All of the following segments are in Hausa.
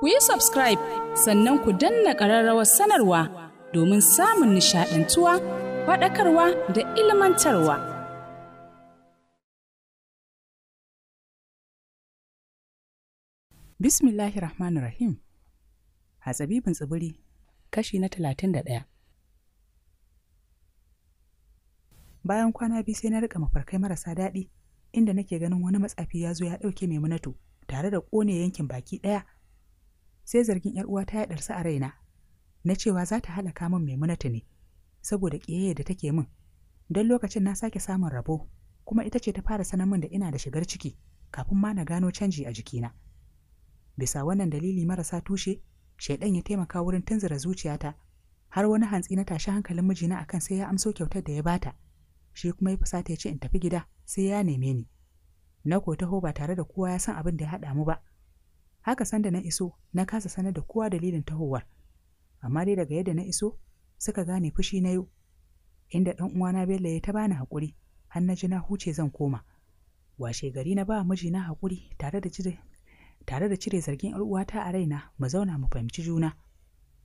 ku yi subscribe sannan ku danna ƙararrawar sanarwa domin samun nishaɗantuwa faɗakarwa da ilmantarwa. bismillahi Rahmanir Rahim Hatsabibin tsibiri kashi na talatin da ɗaya. Bayan kwana biyu sai na rika mafarkai marasa daɗi inda nake ganin wani matsafi ya zo ya ɗauke Maimunatu tare da ƙone yankin baki ɗaya sai zargin ‘yar ta ya ɗarsa a raina, na cewa za ta halaka min maimunata ne, saboda ƙiyayya da take min, don lokacin na sake samun rabo, kuma ita ce ta fara sanar min da ina da shigar ciki, kafin ma na gano canji a jikina. Bisa wannan dalili marasa tushe, shaidan ya taimaka wurin tunzura zuciyata, har wani hantsi na tashi hankalin mijina akan sai ya amso kyautar da ya bata, shi kuma ya fusata ya ce in tafi gida sai ya neme ni. Na ko taho ba tare da kowa ya san abin da ya haɗa mu ba, haka sanda na iso na kasa sanar da kowa dalilin tahowar amma dai daga yadda na iso suka gane fushi na yau inda ɗan uwana Bello ya ta bani hakuri har na ji na huce zan koma washe gari na ba mijina hakuri tare da cire tare da cire zargin uwata a raina mu zauna mu fahimci juna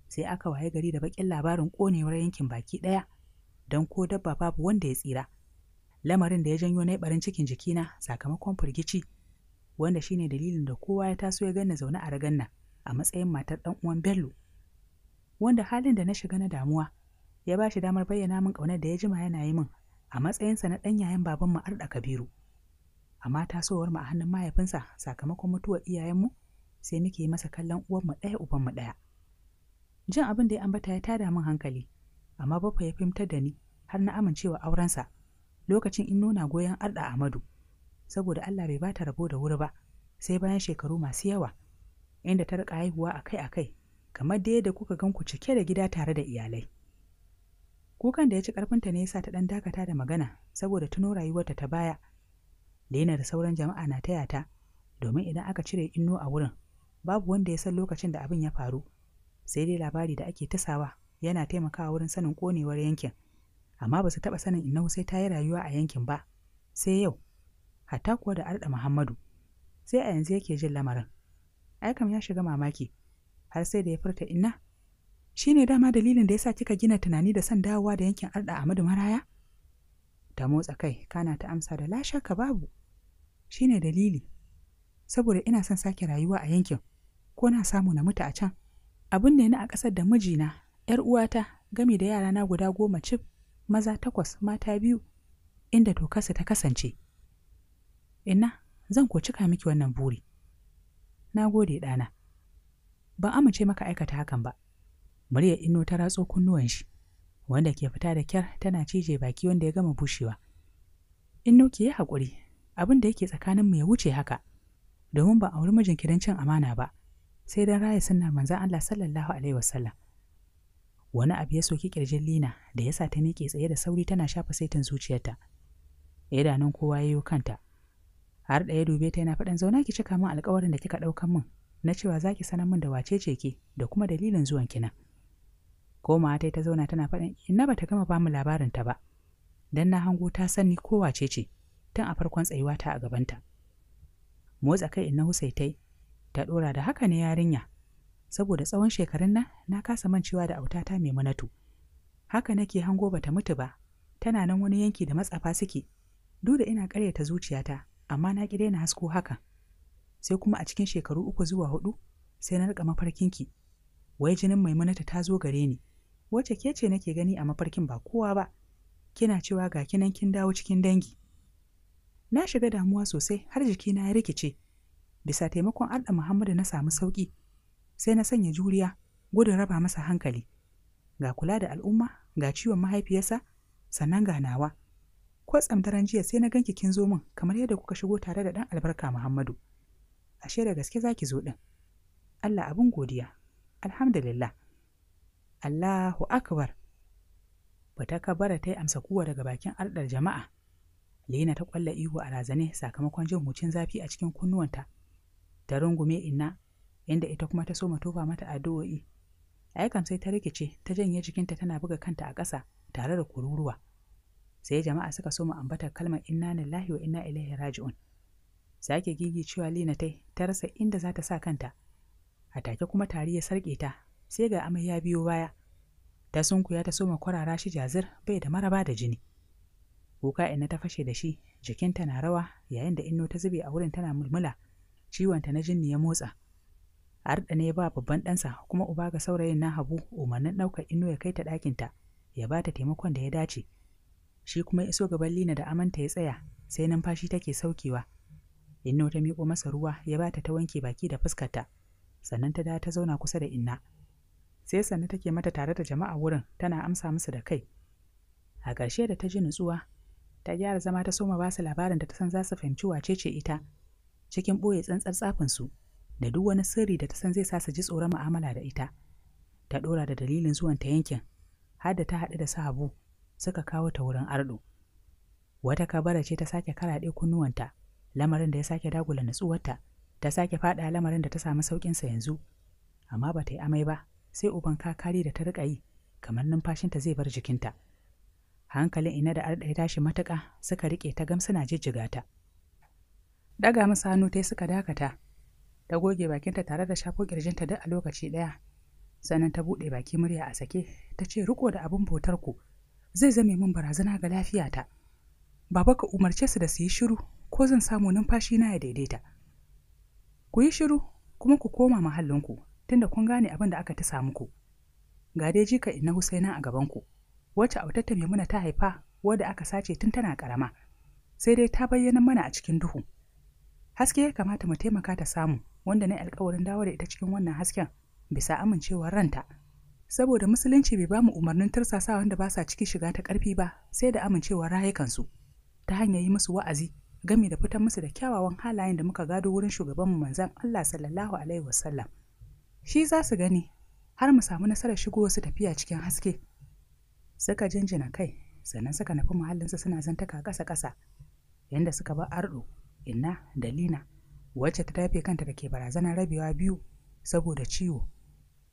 sai aka waye gari da bakin labarin ƙonewar yankin baki ɗaya don ko dabba babu wanda ya tsira lamarin da ya janyo na barin cikin jikina sakamakon firgici wanda shine dalilin da kowa ya taso ya ganna zaune a raganna a matsayin matar ɗan uwan Bello. Wanda halin da na shiga na damuwa ya ba shi damar bayyana min ƙaunar da ya jima yana yi min a matsayinsa na ɗan yayan babanmu Arda Kabiru. Amma tasowar mu a hannun mahaifinsa sakamakon mutuwar iyayenmu sai muke yi masa kallon uwanmu ɗaya ubanmu ɗaya. Jin abin da ya ambata ya tada min hankali, amma bafa ya fahimtar da ni har na amincewa aurensa lokacin in nuna goyon Arda Ahmadu. saboda Allah bai bata rabo da wuri ba sai bayan shekaru masu yawa inda ta rika haihuwa akai-akai kamar da yadda kuka gan ku cike da gida tare da iyalai kukan da ya ci karfinta ne yasa ta dan dakata da magana saboda tuno rayuwarta ta baya Lena da sauran jama'a na taya ta domin idan aka cire inno a wurin babu wanda ya san lokacin da abin ya faru sai dai labari da ake tasawa yana taimakawa wurin sanin konewar yankin amma ba su taɓa sanin inna sai ta yi rayuwa a yankin ba sai yau hatta kuwa da arda Muhammadu. Sai a yanzu yake jin lamarin. Aikam ya shiga mamaki, har sai da ya furta inna. Shi ne dama dalilin da ya sa kika gina tunani da son dawowa da yankin arda Amadu Maraya? Ta motsa kai, kana ta amsa da ka babu. Shi ne dalili, saboda ina son sake rayuwa a yankin, ko na samu na mutu a can. Abin da ni a ƙasar da mijina, 'yar uwata, gami da yarana guda goma cif, maza takwas, mata biyu, inda tokarsa ta kasance. Inna, zan ko cika miki wannan buri. Na gode ɗana. Ban amince maka aikata hakan ba. Muryar ino ta ratso kunnuwan shi, wanda ke fita da kyar tana cije baki wanda ya gama bushewa. Inno ke yi haƙuri, abin da yake tsakaninmu ya wuce haka, domin ba auri mijinki don cin amana ba, sai don raya sunnar manzan Allah sallallahu alaihi wasallam. Wani abu ya soki ƙirjin Lina da ya sa ta miƙe tsaye da sauri tana shafa saitin zuciyarta. Idanun kowa ya yi kanta, har ɗaya dube ta yana faɗin zauna ki cika min alƙawarin da kika ɗaukan min na cewa za ki sanar min da wace ce ki da kuma dalilin zuwan ki nan komawa ta ta zauna tana faɗin inna ba ta gama ba mu labarin ta ba dan na hango ta sani ko wace ce tun a farkon tsayuwa ta a gabanta motsa kai inna tai ta ɗora da haka ne yarinya saboda tsawon shekarun nan na kasa mancewa da autata mai manatu haka nake hango bata mutu ba tana nan wani yanki da matsafa suke duk da ina ƙaryata zuciyata amma na ƙi daina hasko haka sai kuma a cikin shekaru uku zuwa hudu sai na rika mafarkin ki. wai jinin maimunata ta zo gare ni wacce ke ce nake gani a mafarkin ba kowa ba kina cewa ga kinan kin dawo cikin dangi na shiga damuwa sosai har jikina ya rikice bisa taimakon arda muhammadu na samu sauƙi sai na sanya juriya gudun raba masa hankali ga kula da al'umma ga ciwon mahaifiyarsa sannan ga nawa Ko tsamtaran jiya sai na ganki kin zo min kamar yadda kuka shigo tare da dan albarka Muhammadu. Ashe da gaske zaki zo din. Allah abin godiya. Alhamdulillah. Allahu akbar. Bata kabara ta yi amsa kuwa daga bakin ardar jama'a. Lena ta kwalla ihu a razane sakamakon jin hucin zafi a cikin kunnuwanta. Ta rungume inna inda ita kuma ta so tofa mata addu'o'i. Ayyukan sai ta rikice ta janye jikinta tana buga kanta a ƙasa tare da kururuwa. sai jama'a suka so mu ambata kalmar inna lillahi wa inna ilaihi raji'un sake gigi cewa lina tai ta rasa inda za ta sa kanta a take kuma tari ya sarƙe ta sai ga amai ya biyo baya ta sunkuya ta soma kwarara shi jazir bai da maraba da jini kuka inna ta fashe da shi jikinta na rawa yayin da inno ta zube a wurin tana mulmula ciwonta na jinni ya motsa arda ne ba babban ɗansa kuma uba ga saurayin na habu umarnin ɗaukar inno ya kai ta ɗakinta ya ba ta taimakon da ya dace shi kuma iso gaban Lina da amanta ya tsaya sai numfashi take saukewa Inna ta miƙo masa ruwa ya bata ta wanke baki da fuskarta sannan ta dawo ta zauna kusa da Inna sai sannan take mata tare da jama'a wurin tana amsa musu da kai a ƙarshe da ta ji nutsuwa ta gyara zama ta soma ba su labarin da ta san za su fahimci wace ce ita cikin ɓoye tsantsar tsafin su da duk wani sirri da ta san zai sa su ji tsoron mu'amala da ita ta ɗora da dalilin zuwan ta yankin har da ta haɗu da sahabu suka kawo ta wurin ardo wata kabara ce ta sake karaɗe kunnuwanta lamarin da ya sake dagula natsuwarta ta sake faɗa lamarin da ta samu sauƙinsa yanzu amma ba ta yi amai ba sai uban kakari da ta riƙa yi kamar numfashinta zai bar jikinta hankalin ina da arda ya tashi matuƙa suka riƙe ta gam suna jijjiga ta daga musu hannu tai suka dakata ta goge bakinta tare da shafo ƙirjinta duk a lokaci ɗaya sannan ta buɗe baki murya a sake ta ce riko da abin botar ku zai zame min barazana ga lafiyata baba ka umarce su da su yi shiru ko zan samu numfashi na ya daidaita ku yi shiru kuma ku koma mahallinku tunda kun gane abin da aka ta samu ku ga dai jika inna husaina a gaban ku wacce autatta maimuna ta haifa wadda aka sace tun tana karama sai dai ta bayyana mana a cikin duhu haske ya kamata mu taimaka ta samu wanda na alƙawarin dawo da ita cikin wannan hasken bisa amincewar ranta saboda musulunci bai ba mu umarnin tursasa wanda ba sa ciki shiga ta ƙarfi ba sai da amincewar rayukansu ta hanyar yi musu wa'azi gami da fitan musu da kyawawan halayen da muka gado wurin mu manzan Allah sallallahu alaihi wasallam shi za su gani har mu samu nasarar shigo wasu tafiya cikin haske suka jinjina kai sannan suka nufi muhallinsu suna zantaka ƙasa kasa yadda suka bar ardo inna da lina wacce ta tafi kanta da ke barazanar rabewa biyu saboda ciwo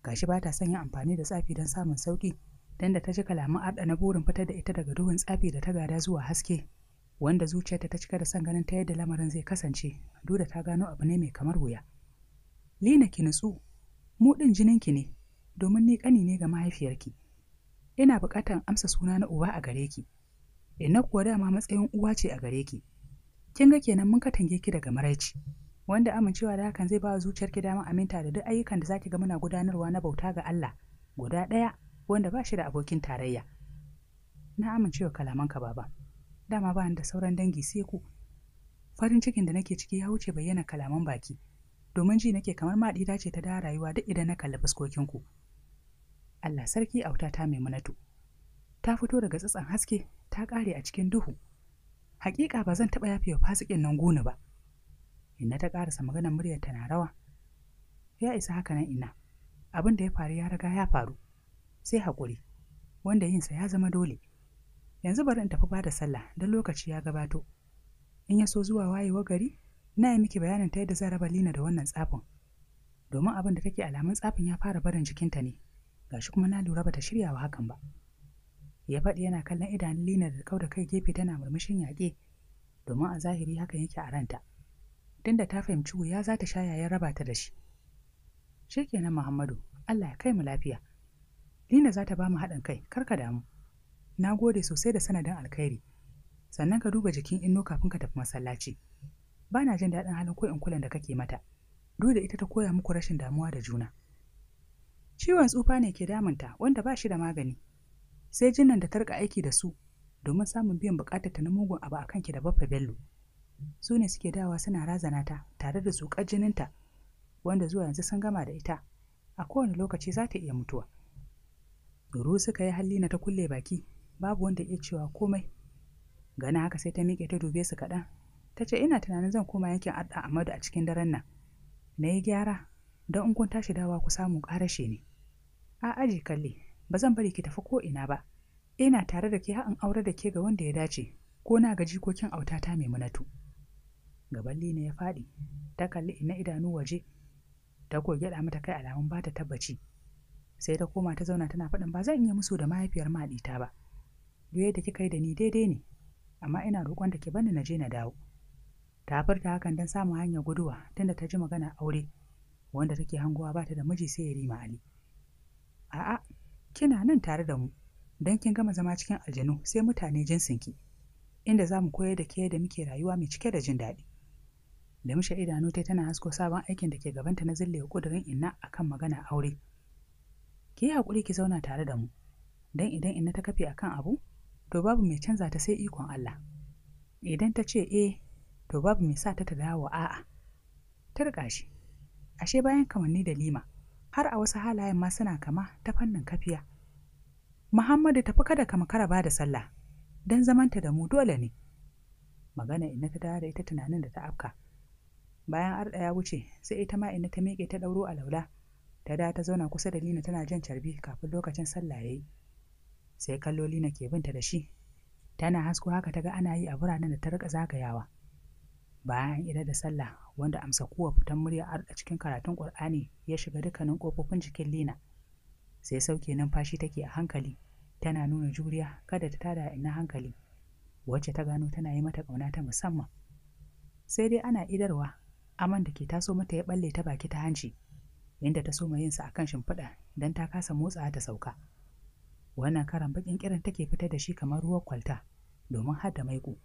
gashi ba ta son yin amfani da tsafi don samun sauki don da ta ji kalaman arda na burin fitar da ita daga duhun tsafi da ta gada zuwa haske wanda zuciyarta ta cika da son ganin ta yadda lamarin zai kasance duk da ta gano abu ne mai kamar wuya lina ki nutsu mu ɗin jininki ne domin ni kani ne ga mahaifiyarki ina buƙatar amsa suna na uba a gare ki ina kuwa dama matsayin uwa ce a gare ki kin ga kenan mun katange ki daga maraici wanda amincewa da hakan zai ba zuciyarki damar aminta da duk ayyukan da zaki ga muna gudanarwa na bauta ga Allah guda ɗaya wanda ba shi da abokin tarayya. Na amincewa kalaman ka, baba. Dama ba da sauran dangi sai ku. Farin cikin da nake ciki ya wuce bayyana kalaman baki. Domin ji nake kamar maɗi ce ta da rayuwa duk idan na kalli fuskokinku. Allah sarki auta ta mai munatu. Ta fito daga tsatsan haske ta ƙare a cikin duhu. Hakika ba zan taɓa yafewa fasikin nan gona ba. inna ta ƙarasa maganar muryar ta na rawa ya isa haka nan ina. abin da ya faru ya riga ya faru sai haƙuri wanda yinsa ya zama dole yanzu bari in tafi ba da sallah don lokaci ya gabato in ya so zuwa wayewa gari na yi miki bayanin ta yadda zan raba lina da wannan tsafin domin abin da take alamun tsafin ya fara barin jikinta ne gashi kuma na lura bata shirya wa hakan ba ya faɗi yana kallon idanun lina da kau kai gefe tana murmushin yaƙe domin a zahiri hakan yake a ranta da ta fahimci wuya za ta sha yayin raba ta da shi. Shikenan Muhammadu, Allah ya kai mu lafiya. Lina za ta ba mu haɗin kai, kar ka damu. Na gode sosai da sanadin alkhairi. Sannan ka duba jikin inno kafin ka tafi masallaci. Ba na jin daɗin halin ko in kulan da kake mata. Duk da ita ta koya muku rashin damuwa da juna. Ciwon tsufa ne ke damunta wanda ba shi da magani. Sai jinnan da ta rika aiki da su domin samun biyan bukatar ta na mugun abu a kanki da Baffa Bello. su ne suke dawa suna razana ta tare da zuƙar jininta wanda zuwa yanzu sun gama da ita a kowane lokaci za ta iya mutuwa Duru suka yi hallina ta kulle baki babu wanda iya cewa komai gana haka sai ta miƙe ta dube su kaɗan ta ce ina tunanin zan koma yankin adda amadu a cikin daren nan na yi gyara don in kun tashi dawa ku samu ƙarashe ne a aji kalle ba zan bari ki tafi ko ina ba ina tare da ke ha'in aure da ke ga wanda ya dace ko na ga jikokin autata mai munatu. gaban lina ya faɗi ta kalli ina idanu waje ta kuwa gyaɗa mata kai alamun ba ta tabbaci sai ta koma ta zauna tana faɗin ba zan iya musu da mahaifiyar maɗita ba duk yadda kika yi da ni daidai ne amma ina roƙon da ki bani na je na dawo ta furta hakan don samun hanyar guduwa tunda ta ji magana aure wanda take hangowa ba ta da miji sai ya rima ali a'a kina nan tare da mu don kin gama zama cikin aljanu sai mutane ki. inda za mu koyar da ke da muke rayuwa mai cike da jin daɗi da mushe idanu ta tana hasko sabon aikin da ke gabanta na zille kudirin inna akan magana aure ki yi haƙuri ki zauna tare da mu dan idan inna ta kafe akan abu to babu mai canza ta sai ikon Allah idan ta ce eh to babu mai sa ta ta dawo a'a ta riƙa shi ashe bayan kamanni da lima har a wasu halayen ma suna kama ta fannin kafiya Muhammadu tafi kada ka makara ba da sallah don zamanta da mu dole ne magana inna ta dawo da ita tunanin da ta afka bayan arda ya wuce sai ita ma inna ta miƙe ta ɗauro laula. ta da ta zauna kusa da lina tana jan carbi kafin lokacin sallah ya yi sai kallo lina ke binta da shi tana hasko haka ta ga ana yi a biranen da ta rika zagayawa bayan ida da sallah wanda amsa kuwa fitan murya arda cikin karatun qur'ani ya shiga dukkanin kofofin jikin lina sai sauke numfashi take a hankali tana nuna juriya kada ta tada ina hankali wacce ta gano tana yi mata ƙauna ta musamman sai dai ana idarwa aman da ke taso mata ya balle ta baki ta hanci inda ta soma yin sa akan shimfiɗa don ta kasa motsa ta sauka wannan karan bakin kiran take fitar da shi kamar ruwan kwalta domin har da maiƙo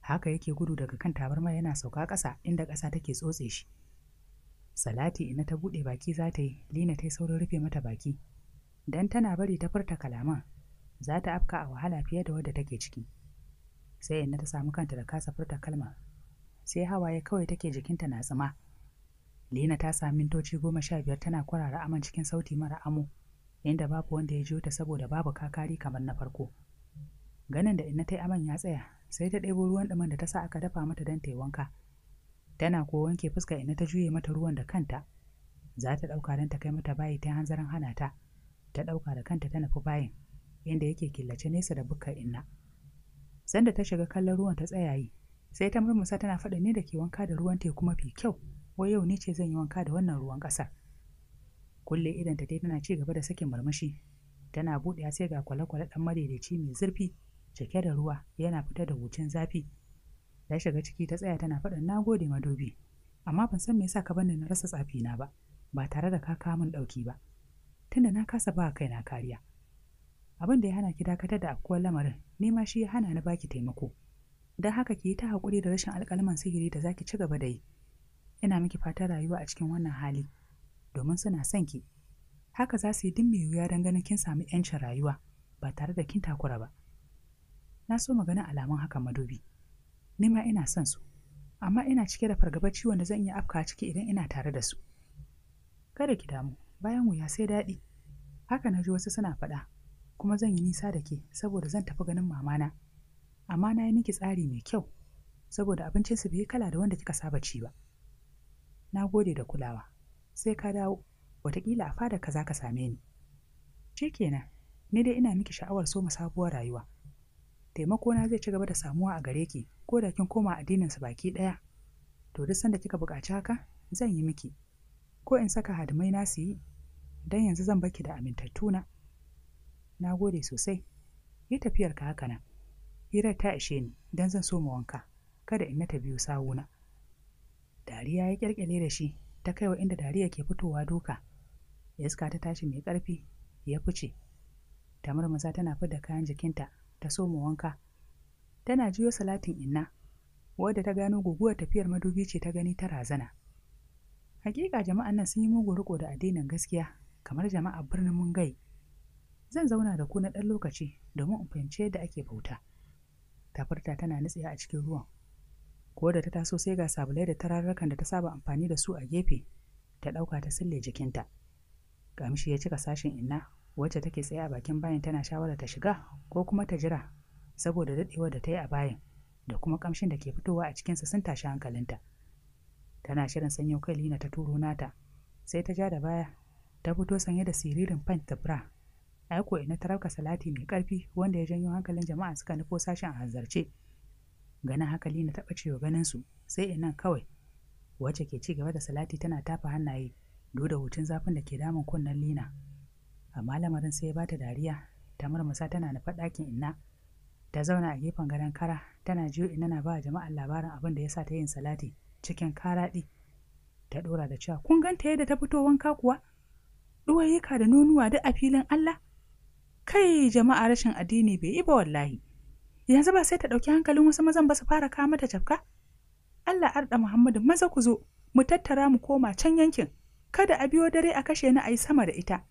haka yake gudu daga kan tabarma yana sauka ƙasa inda ƙasa take tsotse shi salati ina ta buɗe baki za ta yi lina ta yi saurin rufe mata baki don tana bari ta furta kalaman za ta afka a wahala fiye da wadda take ciki sai ina ta samu kanta da kasa furta kalma sai hawaye kawai take jikinta na zama. Lina ta sami mintoci goma sha biyar tana kwarara aman cikin sauti mara amo, inda babu wanda ya jiyo ta saboda babu kakari kamar na farko. Ganin da ina ta yi aman ya tsaya, sai ta ɗebo ruwan ɗumin da ta sa aka dafa mata don ta yi wanka. Tana ko wanke fuska ina ta juye mata ruwan da kanta. Za ta ɗauka don ta kai mata bayi ta hanzarin hana ta. Ta ɗauka da kanta ta nufi bayin, inda yake killace nesa da bukka inna. Sanda ta shiga kallon ruwan ta tsaya yi, sai ta murmusa tana faɗa ne da ke wanka da ruwan teku mafi kyau wai yau ni ce zan yi wanka da wannan ruwan ƙasa kulle idan ta dai tana ci gaba da sakin murmushi tana buɗe sai ga kwale-kwale ɗan madaidaici mai zurfi cike da ruwa yana fita da wucin zafi ta shiga ciki ta tsaya tana faɗin na gode madobi amma ban san me yasa ka bani na rasa tsafi na ba ba tare da ka kawo min ɗauki ba tunda na kasa ba kaina kariya abin da ya hana ki dakatar da akuwar lamarin nema shi ya hana ni baki taimako don haka ki yi ta haƙuri da rashin alƙalman sihiri da za ki ci gaba da yi ina miki fatan rayuwa a cikin wannan hali domin suna son ki haka za su yi duk mai wuya don ganin kin samu 'yancin rayuwa ba tare da kin takura ba na so maganin alamun haka madobi ni ma ina son su amma ina cike da fargabar ciwon da zan iya afka ciki idan ina tare da su kada ki damu bayan wuya sai daɗi haka na ji wasu suna faɗa kuma zan yi nisa da ke saboda zan tafi ganin mamana amma na yi miki tsari mai kyau saboda abincinsu bai kala da wanda kika saba ci ba. Na gode da kulawa, sai ka dawo, watakila a fada ka za ka same ni. Shi kenan, ni dai ina miki sha'awar so sabuwar rayuwa. Taimako na zai ci gaba da samuwa a gare ki, ko da kin koma su baki ɗaya. To duk sanda kika buƙaci haka, zan yi miki. Ko in saka hadimai na su yi, don yanzu zan baki da amintattuna. Na gode sosai, yi tafiyarka haka nan. hirar ta ishe ni don zan so ma wanka kada in na ta biyo sawuna dariya ya kyalkyale da shi ta kaiwa inda dariya ke fitowa duka iska ta tashi mai ƙarfi ya fice tamar maza tana fi da kayan jikinta ta so ma wanka tana jiyo salatin inna wadda ta gano guguwar tafiyar madubi ce ta gani ta razana hakika jama'an nan sun yi mugu riko da addinin gaskiya kamar jama'a birnin mungai zan zauna da ku na ɗan lokaci domin in fahimci yadda ake bauta tafarta tana nutsiya a cikin ruwan ko da ta taso sai ga sabulai da tararrakan da ta saba amfani da su a gefe ta ɗauka ta sille jikinta kamshi ya cika sashen inna wacce take tsaye a bakin bayan tana shawara ta shiga ko kuma ta jira saboda daɗewar da ta yi a bayan da kuma kamshin da ke fitowa a cikinsa sun tashi hankalinta tana shirin sanyo kai lina ta turo nata sai ta ja da baya ta fito sanye da siririn pant da bra yi ko'ina ta tarauka salati mai ƙarfi wanda ya janyo hankalin jama'a suka nufo sashen a hanzarce ganin hankali na taɓa cewa ganin su sai ina kawai wacce ke ci gaba da salati tana tafa hannaye doda hutun zafin da ke damun kunnen lina amma lamarin sai ya bata dariya ta murmusa tana nufa ɗakin ina. ta zauna a gefen gadon kara tana jiyo ina na ba jama'a labarin abin da ya sa ta yin salati cikin karaɗi ta ɗora da cewa kun ganta yadda ta fito wanka kuwa ɗuwayyuka da nonuwa duk a filin Allah kai jama'a rashin addini bai yi ba wallahi yanzu ba sai ta ɗauki hankalin wasu mazan ba su fara kawo mata tafka Allah arda Muhammadu maza ku zo mu tattara mu koma can yankin kada a biyo dare a kashe ni a yi sama da ita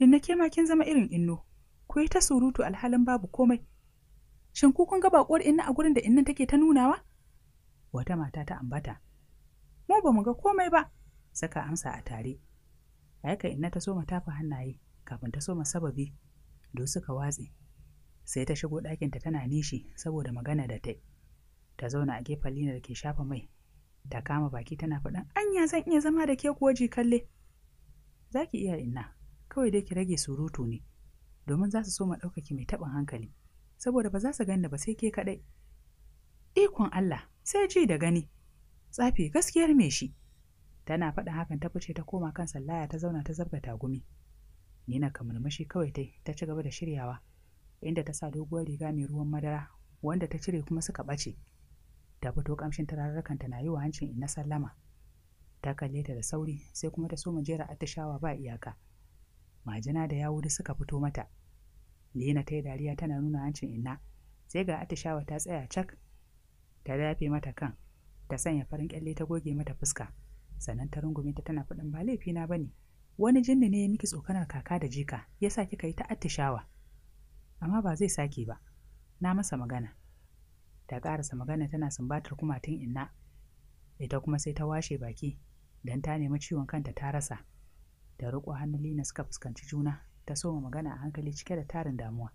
inna ke ma kin zama irin inno ku yi ta surutu alhalin babu komai shin ku kun ga bakuwar inna a gurin da innan take ta nunawa wata mata ta ambata mu ba mu ga komai ba saka amsa a tare a yaka inna ta so mu tafa hannaye kafin ta soma sababi do suka watse sai ta shigo ɗakinta tana nishi saboda magana da ta ta zauna a gefen lina da ke shafa mai ta kama baki tana faɗan, anya zan iya zama da ke kuwa kalle za ki iya inna kawai dai ki rage surutu ne domin za su soma ɗaukaki mai taɓin hankali saboda ba za su ganda ba sai ke kaɗai ikon Allah sai ji da gani tsafi gaskiyar me shi tana faɗin hakan ta fice ta koma kan sallaya ta zauna ta zabga tagumi Nina kamarmashi kawai ta ta ci gaba da shiryawa, inda ta sa doguwar riga mai ruwan madara wanda ta cire kuma suka ɓace. Ta fito ƙamshin ta na yi wa hancin ina sallama. Ta kalle ta da sauri sai kuma ta so jera atishawa ba iyaka. Majina da yawu da suka fito mata. Lena ta yi dariya tana nuna hancin inna sai ga atishawa ta tsaya cak. Ta dafe mata kan, ta sanya farin kyalle ta goge mata fuska, sannan ta rungume ta tana faɗin ba laifina na bane wani jinni ne ya miki tsokanar kaka da jika ya sa kika yi ta attishawa amma ba zai sake ba na masa magana ta ƙarasa magana tana sumbatar kumatin inna ita kuma sai ta washe baki don ta nemi ciwon kanta ta rasa da riƙo hannun lina suka fuskanci juna ta soma magana a hankali cike da tarin damuwa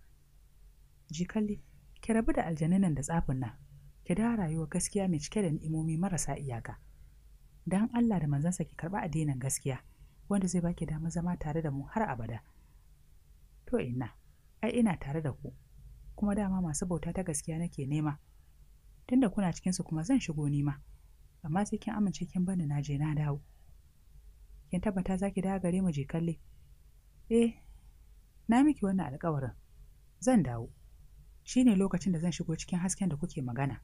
jikalli ki rabu da aljanunan da tsafin nan ki da rayuwa gaskiya mai cike da ni'imomi marasa iyaka don allah da manzansa ki karɓa addinin gaskiya wanda zai baki damar zama tare da mu har abada to ina ai ina tare da ku kuma dama masu bauta ta gaskiya nake nema tunda kuna cikinsu kuma zan shigo nima amma sai kin amince kin bani na je na dawo kin tabbata za ki dawo gare mu je kalle eh na miki wannan alkawarin zan dawo shi ne lokacin da zan shigo cikin hasken da kuke magana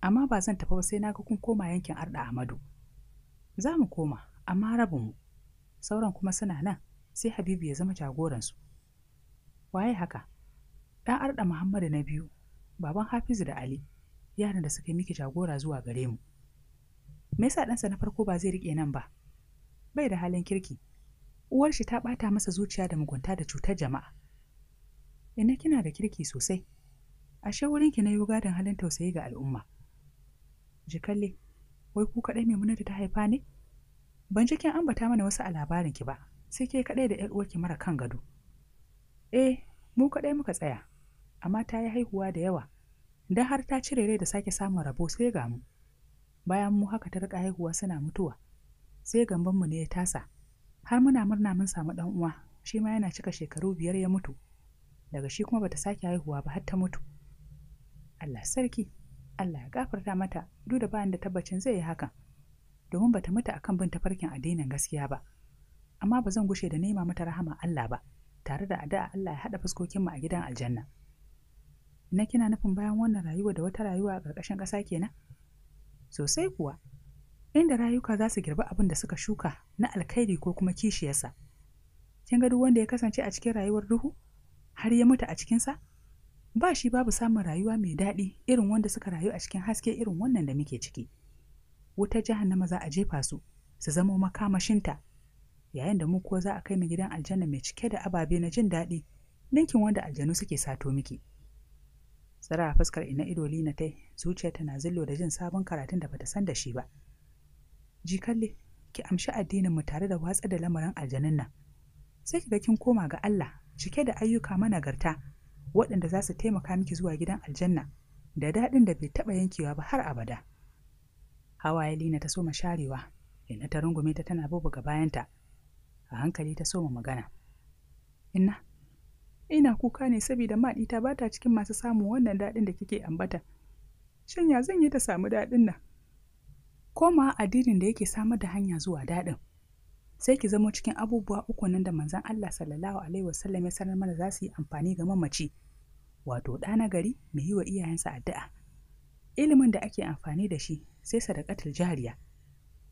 amma ba zan tafi ba sai na ga kun koma yankin arda amadu za mu koma amma rabinmu sauran kuma suna nan sai habibu ya zama jagoransu waye haka ɗan arda muhammadu na biyu baban hafizu da ali yaran da suka yi miki jagora zuwa gare mu me yasa ɗansa na farko ba zai riƙe nan ba bai da halin kirki uwar shi ta ɓata masa zuciya da mugunta da cutar jama'a ina kina da kirki sosai ashe wurin ki na yi gadon halin tausayi ga al'umma jikalle wai ku kaɗai mai da ta haifa ne ban ji kin ambata mana wasu a labarin ki ba sai ke kaɗai da 'yar uwarki mara kan gado eh mu kaɗai muka tsaya amma ta yi haihuwa da yawa dan har ta cire rai da sake samun rabo sai ga mu bayan mu haka ta rika haihuwa suna mutuwa sai mu ne ya tasa har muna murna mun samu ɗan uwa shi ma yana cika shekaru biyar ya mutu daga shi kuma bata sake haihuwa ba har ta mutu Allah sarki Allah ya gafarta mata duk da bayan da tabbacin zai yi hakan domin bata mutu akan bin tafarkin addinin gaskiya ba amma ba zan gushe da nema mata rahama Allah ba tare da addu'a Allah ya haɗa fuskokinmu a gidan aljanna Ina kina nufin bayan wannan rayuwa da wata rayuwa a ƙarƙashin ƙasa kenan sosai kuwa inda rayuka za su girbi abin da suka shuka na alkhairi ko kuma kishiyarsa kin ga duk wanda ya kasance a cikin rayuwar duhu har ya mutu a cikinsa ba shi babu samun rayuwa mai daɗi irin wanda suka rayu a cikin haske irin wannan da muke ciki. wutar jahannama za a jefa su su zama makamashinta yayin da mu kuwa za a kai mu gidan aljanna mai cike da ababe na jin daɗi ninkin wanda aljanu suke sato miki tsara fuskar ina ido na tai zuciya tana zillo da jin sabon karatun da bata san da shi ba ji kalle ki amshi addinin mu tare da watsa da lamarin aljanun nan sai ki ga kin koma ga Allah cike da ayyuka managarta waɗanda za su taimaka miki zuwa gidan aljanna da daɗin da bai taɓa yankewa ba har abada. hawaye lina ta soma sharewa Ina ta rungume ta tana bubuga bayanta a hankali ta soma magana inna ina kuka ne saboda maɗi ba ta cikin masu samun wannan daɗin da kike ambata shin ya zan yi ta samu daɗin nan ma addinin da yake samar da hanya zuwa daɗin sai ki zamo cikin abubuwa uku nan da manzon Allah sallallahu alaihi wasallam ya sanar mana za su yi amfani ga mamaci wato ɗa na gari mai yi wa iyayensa addu'a ilimin da ake amfani da shi sai sadakatul jariya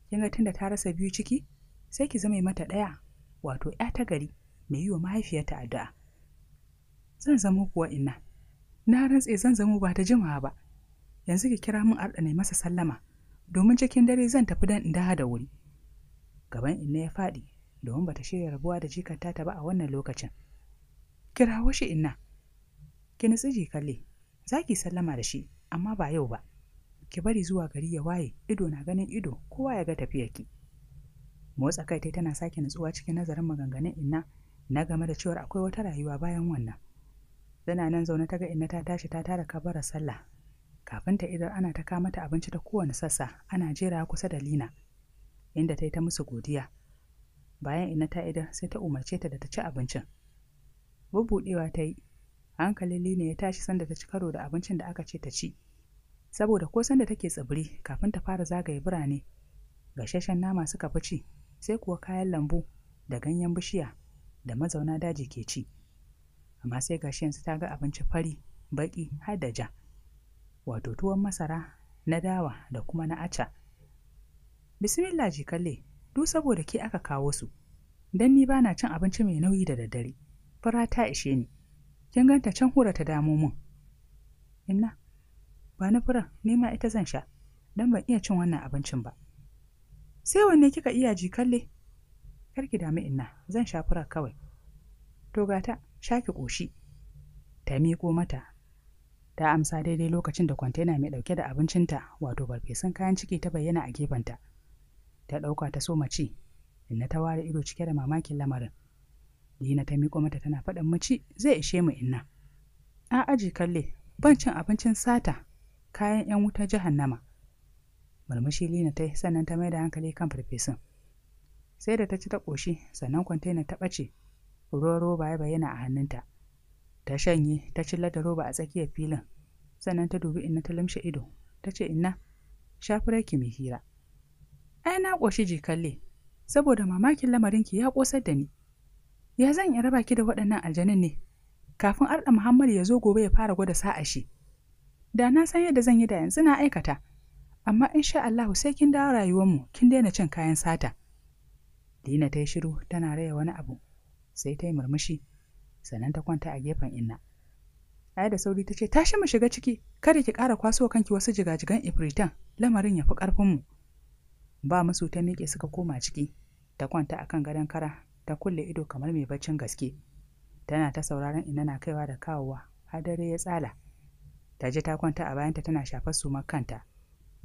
kin ga tunda ta rasa biyu ciki sai ki zama mata ɗaya wato ya ta gari mai yiwa wa mahaifiyarta addu'a zan zamo kuwa inna na rantse zan zamo ba ta jimawa ba yanzu ki kira min ne masa sallama domin cikin dare zan tafi dan in da wuri gaban inna ya faɗi domin bata shirya rabuwa da jikarta ta ba a wannan lokacin kirawo shi inna ki nutsi kalle za ki sallama da shi amma ba yau ba ki bari zuwa gari ya waye ido na ganin ido kowa ya ga ki. motsa kai tana sake nutsuwa cikin nazarin maganganun inna na game da cewa akwai wata rayuwa bayan wannan tana nan zaune ta ga inna ta tashi ta tara kabara sallah kafin ta idan ana ta kama ta abinci ta kowane sassa ana jera kusa da lina inda ta yi ta musu godiya bayan inna ta idan sai ta umarce ta da ta ci abincin bubbuɗewa ta yi hankalin lina ya tashi sanda ta ci karo da abincin da aka ce ta ci saboda ko sanda take tsibiri kafin ta fara zagaye birane gasasshen nama suka fi ci sai kuwa kayan lambu da ganyen bishiya da mazauna daji ke ci amma sai gashi yanzu ta ga abinci fari baki, har da ja wato tuwon masara na dawa da kuma na aca bismillah kalle duk saboda ke aka kawo su Dan ni bana cin abinci mai nauyi da daddare fara ta ishe ni kin ganta can hura ta damo mun inna ba na fura ne ma ita zan sha don ban iya cin wannan abincin ba sai wanne kika iya ji kalle Kar ki dami inna zan sha fura kawai to gata sha ki ƙoshi ta miƙo mata ta amsa daidai lokacin da kwantena mai ɗauke da abincinta wato farfesun kayan ciki ta bayyana a gefenta ta ɗauka ta so mace inna ta ware ido cike da mamakin lamarin dina ta miƙo mata tana faɗin mace zai ishe mu inna A'a, aji kalle ban cin abincin sata kayan 'yan wuta jahannama murmushi lina ta yi sannan ta mai da hankali kan farfesun sai da ta ci ta ƙoshi sannan kwantena ta ɓace ruwan roba ya bayyana a hannunta ta shanye ta cilla da roba a tsakiyar filin sannan ta dubi inna ta lamshe ido ta ce inna shafirar ki mai hira ai na ƙoshi jikalle saboda mamakin lamarinki ya ƙosar da ni ya zan iya raba ki da waɗannan aljanin ne kafin Arɗa muhammad ya zo gobe ya fara gwada sa'a shi da na san yadda zan yi da yanzu na aikata amma in sha Allahu sai kin dawo rayuwar mu, kin daina cin kayan sata Dina ta yi shiru tana raya wani abu sai ta yi murmushi sannan ta kwanta a gefen inna ai da sauri ta ce tashi mu shiga ciki kada ki ƙara kwaso kanki wasu jigajigan ifritan lamarin ya fi ƙarfinmu ba musu ta miƙe suka koma ciki ta kwanta akan gadon kara ta kulle ido kamar mai baccin gaske tana ta sauraron ina na kaiwa da kawowa har dare ya tsala ta je ta kwanta a bayanta tana shafar su kanta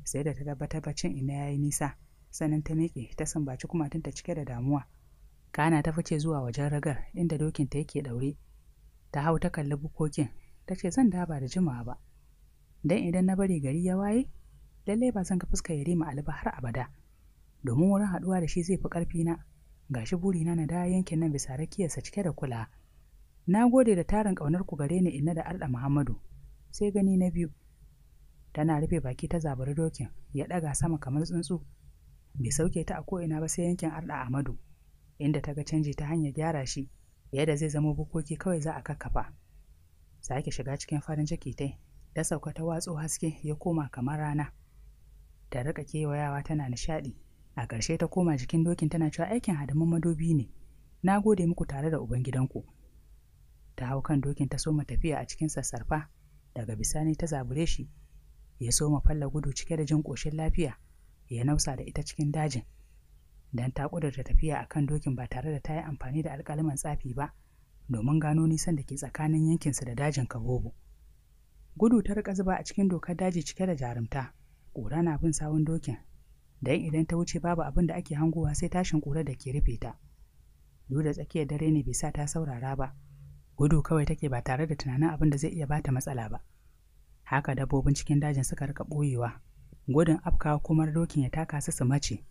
sai da ta tabbatar bacin ina ya yi nisa sannan ta miƙe ta sambaci kumatunta cike da damuwa kana ta fice zuwa wajen ragar inda dokinta yake ɗaure ta hau ta kalli bukokin ta ce zan da ba da jimawa ba dan idan na bari gari ya waye lallai ba zan ga fuskar yarima ali ba har abada domin wurin haɗuwa da shi zai fi ƙarfi na gashi burina na da yankin nan bisa rakiyarsa cike da kula na gode da tarin ƙaunar ku gare ni inna da arda muhammadu sai gani na biyu tana rufe baki ta zabar dokin ya ɗaga sama kamar tsuntsu bai sauke ta a ko'ina ba sai yankin arda amadu inda ta ga canji ta hanyar gyara shi yadda zai zama bukoki kawai za a kakkafa sake shiga cikin farin ciki tai ta sauka ta watso haske ya koma kamar rana ta rika kewayawa tana nishaɗi a ƙarshe ta koma jikin dokin tana cewa aikin hadamin madobi ne na gode muku tare da ubangidanku ta hau kan dokin ta soma tafiya a cikin sassarfa daga bisani ta zabure shi ya so falla gudu cike da jin ƙoshin lafiya ya nausa da ita cikin dajin dan ta ƙudurta tafiya a kan dokin ba tare da ta yi amfani da alƙaliman tsafi ba domin gano nisan da ke tsakanin yankinsu da dajin kabobo gudu ta rika zuba a cikin dokar daji cike da jarumta ƙura na bin sawun dokin don idan ta wuce babu abin da ake hangowa sai tashin ƙura da ke rufe ta duk tsakiyar dare ne bai sa ta saurara ba gudu kawai take ba tare da tunanin abin da zai iya bata matsala ba haka dabbobin cikin dajin suka rika ɓoyewa gudun afka kuma dokin ya taka su su mace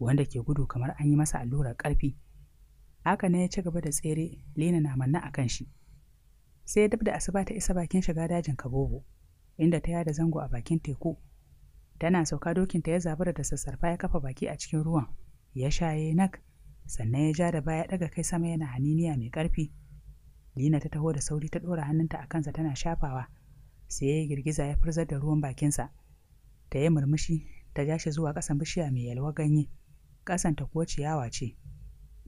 wanda ke gudu kamar an yi masa allurar ƙarfi haka ne ya ci gaba da tsere lina na manna a kan shi sai dab da asuba ta isa bakin shiga dajin kabobo inda ta yada zango a bakin teku tana sauka dokinta ya zabura da sassarfa ya kafa baki a cikin ruwan ya shaye nak sannan ya ja da baya daga kai sama yana haniniya mai ƙarfi Lina ta taho da sauri ta ɗora hannunta a kansa tana shafawa, sai ya girgiza ya furzar da ruwan bakinsa. Ta yi murmushi, ta ja shi zuwa ƙasan bishiya mai yalwar ganye, ƙasan ta kuwa ciyawa ce.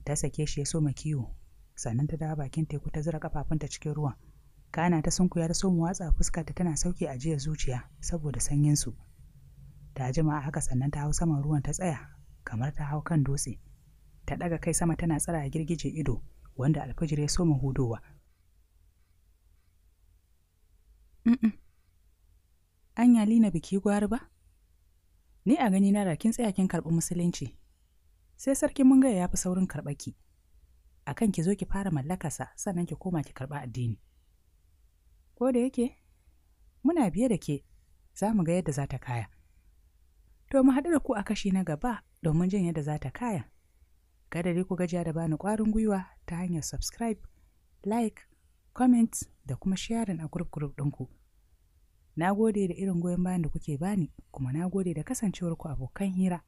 Ta sake shi ya so ma kiwo, sannan ta dawo bakin teku ta zura ƙafafunta cikin ruwan. Kana ta sun da ta mu watsa ta tana sauke ajiyar zuciya saboda sanyinsu. Ta jima a haka sannan ta hau saman ruwan ta tsaya, kamar ta hau kan dutse. Ta ɗaga kai sama tana tsara girgije ido, wanda alfijir ya soma hudowa. mm Anya Lina biki gwari ba? Ni a gani na rakin kin tsaya kin karɓi musulunci. Sai Sarkin mun gaya ya fi saurin karɓa ki. A kan ki zo ki fara mallakarsa sannan ki koma ki karɓa addini. Ko da yake, muna biye da ke za mu ga yadda za ta kaya. To mu haɗu da ku a kashi na gaba domin jin yadda za ta kaya. Kada dai ku gajiya da bani ƙwarin gwiwa ta hanyar subscribe, like, comment da kuma sharing a group group ɗinku. Na gode da irin goyon bayan da kuke bani, kuma na gode da kasancewarku abokan hira.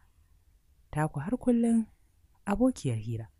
Taku har kullum abokiyar hira.